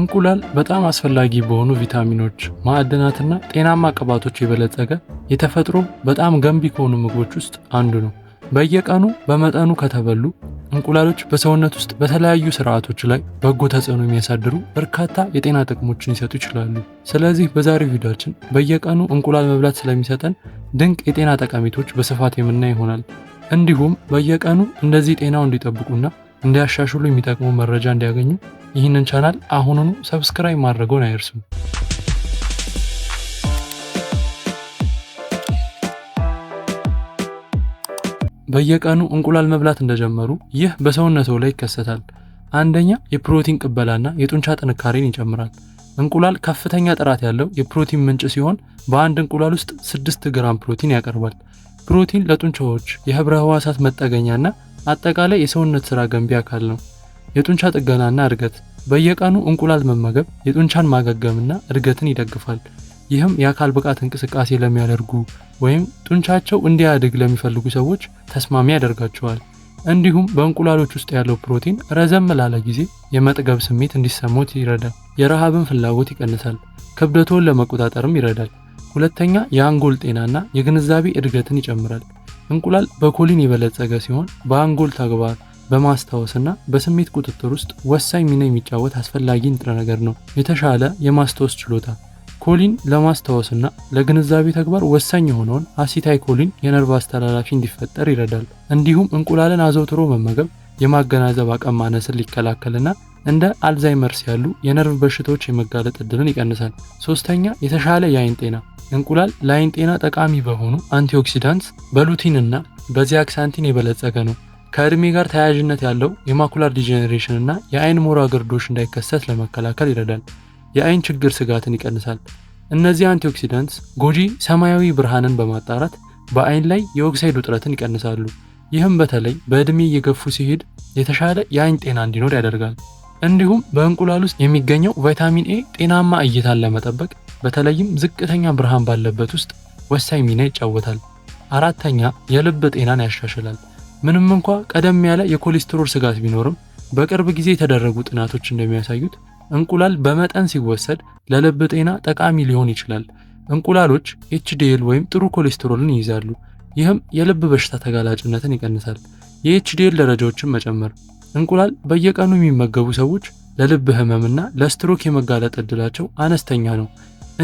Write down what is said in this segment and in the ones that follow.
እንቁላል በጣም አስፈላጊ በሆኑ ቪታሚኖች፣ ማዕድናትና ጤናማ ቅባቶች የበለጸገ የተፈጥሮ በጣም ገንቢ ከሆኑ ምግቦች ውስጥ አንዱ ነው። በየቀኑ በመጠኑ ከተበሉ እንቁላሎች በሰውነት ውስጥ በተለያዩ ስርዓቶች ላይ በጎ ተጽዕኖ የሚያሳድሩ በርካታ የጤና ጥቅሞችን ሊሰጡ ይችላሉ። ስለዚህ በዛሬው ቪዲዮአችን በየቀኑ እንቁላል መብላት ስለሚሰጠን ድንቅ የጤና ጠቀሜቶች በስፋት የምናይ ይሆናል። እንዲሁም በየቀኑ እንደዚህ ጤናው እንዲጠብቁና እንዲያሻሽሉ የሚጠቅሙ መረጃ እንዲያገኙ ይህንን ቻናል አሁኑኑ ሰብስክራይብ ማድረጎን አይርሱም። በየቀኑ እንቁላል መብላት እንደጀመሩ ይህ በሰውነትዎ ላይ ይከሰታል። አንደኛ የፕሮቲን ቅበላና የጡንቻ ጥንካሬን ይጨምራል። እንቁላል ከፍተኛ ጥራት ያለው የፕሮቲን ምንጭ ሲሆን በአንድ እንቁላል ውስጥ 6 ግራም ፕሮቲን ያቀርባል። ፕሮቲን ለጡንቻዎች የህብረ ህዋሳት መጠገኛና አጠቃላይ የሰውነት ስራ ገንቢ አካል ነው። የጡንቻ ጥገናና እድገት በየቀኑ እንቁላል መመገብ የጡንቻን ማገገምና እድገትን ይደግፋል። ይህም የአካል ብቃት እንቅስቃሴ ለሚያደርጉ ወይም ጡንቻቸው እንዲያድግ ለሚፈልጉ ሰዎች ተስማሚ ያደርጋቸዋል። እንዲሁም በእንቁላሎች ውስጥ ያለው ፕሮቲን ረዘም ላለ ጊዜ የመጥገብ ስሜት እንዲሰሙት ይረዳል። የረሃብን ፍላጎት ይቀንሳል፣ ክብደቶን ለመቆጣጠርም ይረዳል። ሁለተኛ የአንጎል ጤናና የግንዛቤ እድገትን ይጨምራል። እንቁላል በኮሊን የበለጸገ ሲሆን በአንጎል ተግባር በማስታወስና በስሜት ቁጥጥር ውስጥ ወሳኝ ሚና የሚጫወት አስፈላጊ ንጥረ ነገር ነው። የተሻለ የማስታወስ ችሎታ ኮሊን ለማስታወስና ለግንዛቤ ተግባር ወሳኝ የሆነውን አሲታይ ኮሊን የነርቭ አስተላላፊ እንዲፈጠር ይረዳል። እንዲሁም እንቁላልን አዘውትሮ መመገብ የማገናዘብ አቅም ማነስን ሊከላከልና እንደ አልዛይመርስ ያሉ የነርቭ በሽታዎች የመጋለጥ እድልን ይቀንሳል። ሶስተኛ፣ የተሻለ የአይን ጤና እንቁላል ለአይን ጤና ጠቃሚ በሆኑ አንቲኦክሲዳንትስ በሉቲንና በዚያክሳንቲን የበለጸገ ነው። ከእድሜ ጋር ተያያዥነት ያለው የማኩላር ዲጀኔሬሽን እና የአይን ሞራ ግርዶሽ እንዳይከሰት ለመከላከል ይረዳል። የአይን ችግር ስጋትን ይቀንሳል። እነዚህ አንቲኦክሲዳንትስ ጎጂ ሰማያዊ ብርሃንን በማጣራት በአይን ላይ የኦክሳይድ ውጥረትን ይቀንሳሉ። ይህም በተለይ በእድሜ እየገፉ ሲሄድ የተሻለ የአይን ጤና እንዲኖር ያደርጋል። እንዲሁም በእንቁላል ውስጥ የሚገኘው ቫይታሚን ኤ ጤናማ እይታን ለመጠበቅ በተለይም ዝቅተኛ ብርሃን ባለበት ውስጥ ወሳኝ ሚና ይጫወታል። አራተኛ የልብ ጤናን ያሻሽላል። ምንም እንኳ ቀደም ያለ የኮሌስትሮል ስጋት ቢኖርም በቅርብ ጊዜ የተደረጉ ጥናቶች እንደሚያሳዩት እንቁላል በመጠን ሲወሰድ ለልብ ጤና ጠቃሚ ሊሆን ይችላል። እንቁላሎች ኤችዲኤል ወይም ጥሩ ኮሌስትሮልን ይይዛሉ። ይህም የልብ በሽታ ተጋላጭነትን ይቀንሳል። የኤችዲኤል ደረጃዎችን መጨመር እንቁላል በየቀኑ የሚመገቡ ሰዎች ለልብ ህመምና ለስትሮክ የመጋለጥ እድላቸው አነስተኛ ነው።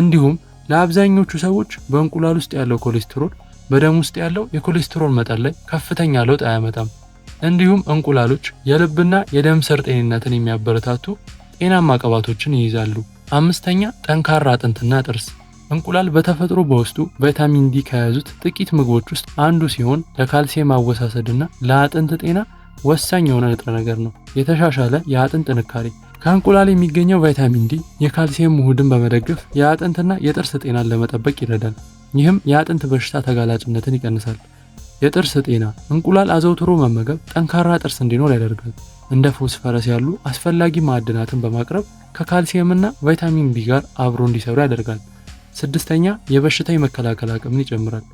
እንዲሁም ለአብዛኞቹ ሰዎች በእንቁላል ውስጥ ያለው ኮሌስትሮል በደም ውስጥ ያለው የኮሌስትሮል መጠን ላይ ከፍተኛ ለውጥ አያመጣም። እንዲሁም እንቁላሎች የልብና የደም ስር ጤንነትን የሚያበረታቱ ጤናማ ቅባቶችን ይይዛሉ። አምስተኛ ጠንካራ አጥንትና ጥርስ። እንቁላል በተፈጥሮ በውስጡ ቫይታሚን ዲ ከያዙት ጥቂት ምግቦች ውስጥ አንዱ ሲሆን ለካልሲየም አወሳሰድና ለአጥንት ጤና ወሳኝ የሆነ ንጥረ ነገር ነው። የተሻሻለ የአጥንት ጥንካሬ ከእንቁላል የሚገኘው ቫይታሚን ዲ የካልሲየም ውህድን በመደገፍ የአጥንትና የጥርስ ጤናን ለመጠበቅ ይረዳል። ይህም የአጥንት በሽታ ተጋላጭነትን ይቀንሳል። የጥርስ ጤና፣ እንቁላል አዘውትሮ መመገብ ጠንካራ ጥርስ እንዲኖር ያደርጋል። እንደ ፎስፈረስ ያሉ አስፈላጊ ማዕድናትን በማቅረብ ከካልሲየምና ቫይታሚን ቢ ጋር አብሮ እንዲሰሩ ያደርጋል። ስድስተኛ የበሽታ የመከላከል አቅምን ይጨምራል።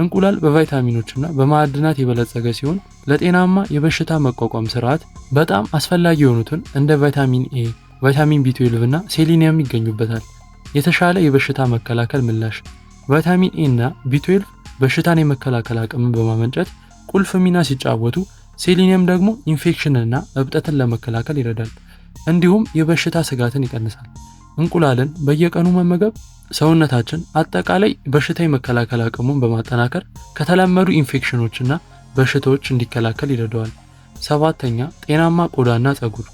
እንቁላል በቫይታሚኖችና በማዕድናት የበለጸገ ሲሆን ለጤናማ የበሽታ መቋቋም ስርዓት በጣም አስፈላጊ የሆኑትን እንደ ቫይታሚን ኤ፣ ቫይታሚን ቢ12 እና ሴሊኒየም ይገኙበታል። የተሻለ የበሽታ መከላከል ምላሽ ቫይታሚን ኤ እና ቢ12 በሽታን የመከላከል አቅምን በማመንጨት ቁልፍ ሚና ሲጫወቱ፣ ሴሊኒየም ደግሞ ኢንፌክሽንና እብጠትን ለመከላከል ይረዳል። እንዲሁም የበሽታ ስጋትን ይቀንሳል። እንቁላልን በየቀኑ መመገብ ሰውነታችን አጠቃላይ በሽታ የመከላከል አቅሙን በማጠናከር ከተለመዱ ኢንፌክሽኖችና በሽታዎች እንዲከላከል ይረዳዋል። ሰባተኛ ጤናማ ቆዳና ፀጉር።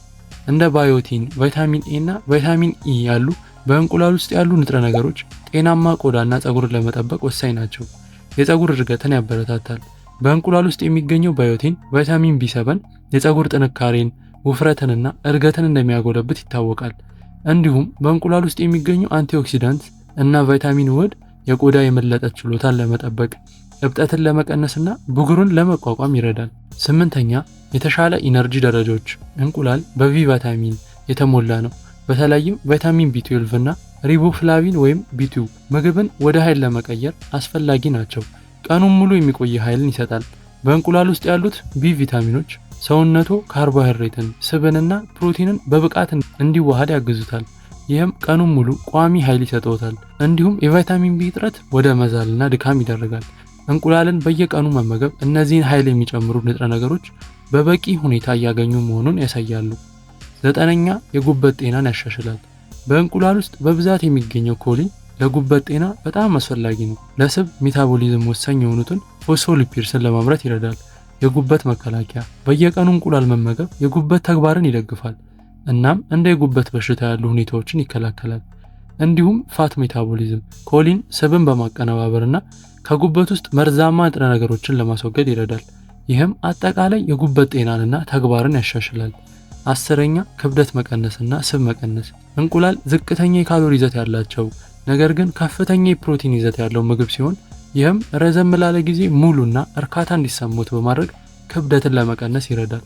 እንደ ባዮቲን፣ ቫይታሚን ኤ እና ቫይታሚን ኢ e ያሉ በእንቁላል ውስጥ ያሉ ንጥረ ነገሮች ጤናማ ቆዳና ፀጉርን ለመጠበቅ ወሳኝ ናቸው። የፀጉር እድገትን ያበረታታል። በእንቁላል ውስጥ የሚገኘው ባዮቲን፣ ቫይታሚን ቢ7 የፀጉር ጥንካሬን፣ ውፍረትንና እድገትን እንደሚያጎለብት ይታወቃል። እንዲሁም በእንቁላል ውስጥ የሚገኙ አንቲኦክሲዳንት እና ቫይታሚን ውድ የቆዳ የመለጠት ችሎታን ለመጠበቅ፣ እብጠትን ለመቀነስና ብጉርን ለመቋቋም ይረዳል። ስምንተኛ የተሻለ ኢነርጂ ደረጃዎች። እንቁላል በቪ ቫይታሚን የተሞላ ነው በተለይም ቫይታሚን ቢ12 እና ሪቦፍላቪን ወይም ቢቱ ምግብን ወደ ኃይል ለመቀየር አስፈላጊ ናቸው። ቀኑን ሙሉ የሚቆይ ኃይልን ይሰጣል። በእንቁላል ውስጥ ያሉት ቢ ቪታሚኖች ሰውነቱ ካርቦሃይድሬትን፣ ስብንና ፕሮቲንን በብቃት እንዲዋሃድ ያግዙታል። ይህም ቀኑን ሙሉ ቋሚ ኃይል ይሰጠውታል። እንዲሁም የቫይታሚን ቢ እጥረት ወደ መዛልና ድካም ይደረጋል። እንቁላልን በየቀኑ መመገብ እነዚህን ኃይል የሚጨምሩ ንጥረ ነገሮች በበቂ ሁኔታ እያገኙ መሆኑን ያሳያሉ። ዘጠነኛ የጉበት ጤናን ያሻሽላል። በእንቁላል ውስጥ በብዛት የሚገኘው ኮሊን ለጉበት ጤና በጣም አስፈላጊ ነው። ለስብ ሜታቦሊዝም ወሳኝ የሆኑትን ፎስፎሊፒድስን ለማምረት ይረዳል። የጉበት መከላከያ፣ በየቀኑ እንቁላል መመገብ የጉበት ተግባርን ይደግፋል እናም እንደ የጉበት በሽታ ያሉ ሁኔታዎችን ይከላከላል። እንዲሁም ፋት ሜታቦሊዝም፣ ኮሊን ስብን በማቀነባበርና ከጉበት ውስጥ መርዛማ ንጥረ ነገሮችን ለማስወገድ ይረዳል። ይህም አጠቃላይ የጉበት ጤናንና ተግባርን ያሻሽላል። አስረኛ ክብደት መቀነስና ስብ መቀነስ። እንቁላል ዝቅተኛ የካሎሪ ይዘት ያላቸው ነገር ግን ከፍተኛ የፕሮቲን ይዘት ያለው ምግብ ሲሆን ይህም ረዘም ላለ ጊዜ ሙሉና እርካታ እንዲሰሙት በማድረግ ክብደትን ለመቀነስ ይረዳል።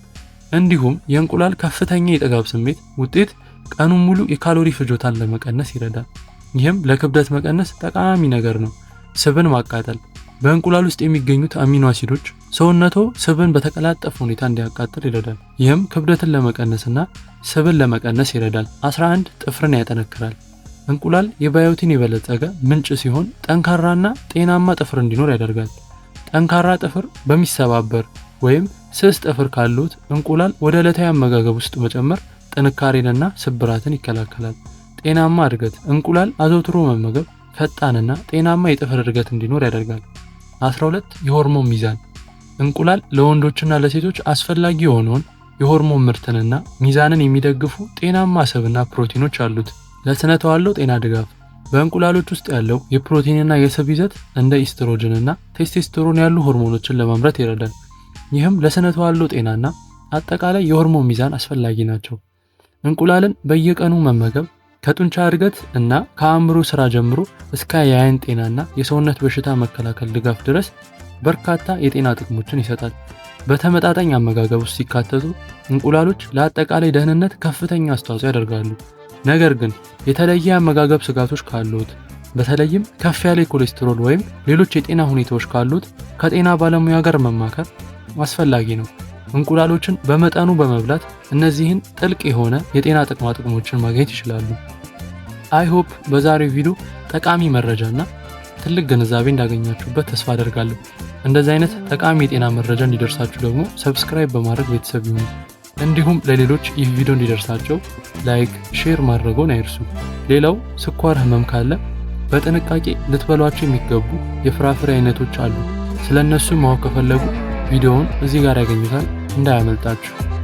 እንዲሁም የእንቁላል ከፍተኛ የጥጋብ ስሜት ውጤት ቀኑን ሙሉ የካሎሪ ፍጆታን ለመቀነስ ይረዳል። ይህም ለክብደት መቀነስ ጠቃሚ ነገር ነው። ስብን ማቃጠል በእንቁላል ውስጥ የሚገኙት አሚኖ አሲዶች ሰውነቶ ስብን በተቀላጠፈ ሁኔታ እንዲያቃጥል ይረዳል። ይህም ክብደትን ለመቀነስና ስብን ለመቀነስ ይረዳል። 11 ጥፍርን ያጠነክራል። እንቁላል የባዮቲን የበለጸገ ምንጭ ሲሆን ጠንካራና ጤናማ ጥፍር እንዲኖር ያደርጋል። ጠንካራ ጥፍር በሚሰባበር ወይም ስስ ጥፍር ካሉት እንቁላል ወደ ዕለታዊ አመጋገብ ውስጥ መጨመር ጥንካሬንና ስብራትን ይከላከላል። ጤናማ እድገት እንቁላል አዘውትሮ መመገብ ፈጣንና ጤናማ የጥፍር እድገት እንዲኖር ያደርጋል። 12 የሆርሞን ሚዛን እንቁላል ለወንዶችና ለሴቶች አስፈላጊ የሆነውን የሆርሞን ምርትንና ሚዛንን የሚደግፉ ጤናማ ስብና ፕሮቲኖች አሉት። ለስነ ተዋልዶ ጤና ድጋፍ በእንቁላሎች ውስጥ ያለው የፕሮቲንና የስብ ይዘት እንደ ኢስትሮጅንና ቴስቴስትሮን ያሉ ሆርሞኖችን ለማምረት ይረዳል። ይህም ለስነ ተዋልዶ ጤናና አጠቃላይ የሆርሞን ሚዛን አስፈላጊ ናቸው። እንቁላልን በየቀኑ መመገብ ከጡንቻ እድገት እና ከአእምሮ ስራ ጀምሮ እስከ የአይን ጤናና የሰውነት በሽታ መከላከል ድጋፍ ድረስ በርካታ የጤና ጥቅሞችን ይሰጣል። በተመጣጣኝ አመጋገብ ውስጥ ሲካተቱ እንቁላሎች ለአጠቃላይ ደህንነት ከፍተኛ አስተዋጽኦ ያደርጋሉ። ነገር ግን የተለየ የአመጋገብ ስጋቶች ካሉት በተለይም ከፍ ያለ ኮሌስትሮል ወይም ሌሎች የጤና ሁኔታዎች ካሉት ከጤና ባለሙያ ጋር መማከር አስፈላጊ ነው። እንቁላሎችን በመጠኑ በመብላት እነዚህን ጥልቅ የሆነ የጤና ጥቅማ ጥቅሞችን ማግኘት ይችላሉ። አይሆፕ በዛሬው ቪዲዮ ጠቃሚ መረጃና ትልቅ ግንዛቤ እንዳገኛችሁበት ተስፋ አደርጋለሁ። እንደዚህ አይነት ጠቃሚ የጤና መረጃ እንዲደርሳችሁ ደግሞ ሰብስክራይብ በማድረግ ቤተሰብ ይሁኑ። እንዲሁም ለሌሎች ይህ ቪዲዮ እንዲደርሳቸው ላይክ፣ ሼር ማድረጎን አይርሱ። ሌላው ስኳር ህመም ካለ በጥንቃቄ ልትበሏቸው የሚገቡ የፍራፍሬ አይነቶች አሉ። ስለ እነሱ ማወቅ ከፈለጉ ቪዲዮውን እዚህ ጋር ያገኙታል። እንዳያመልጣችሁ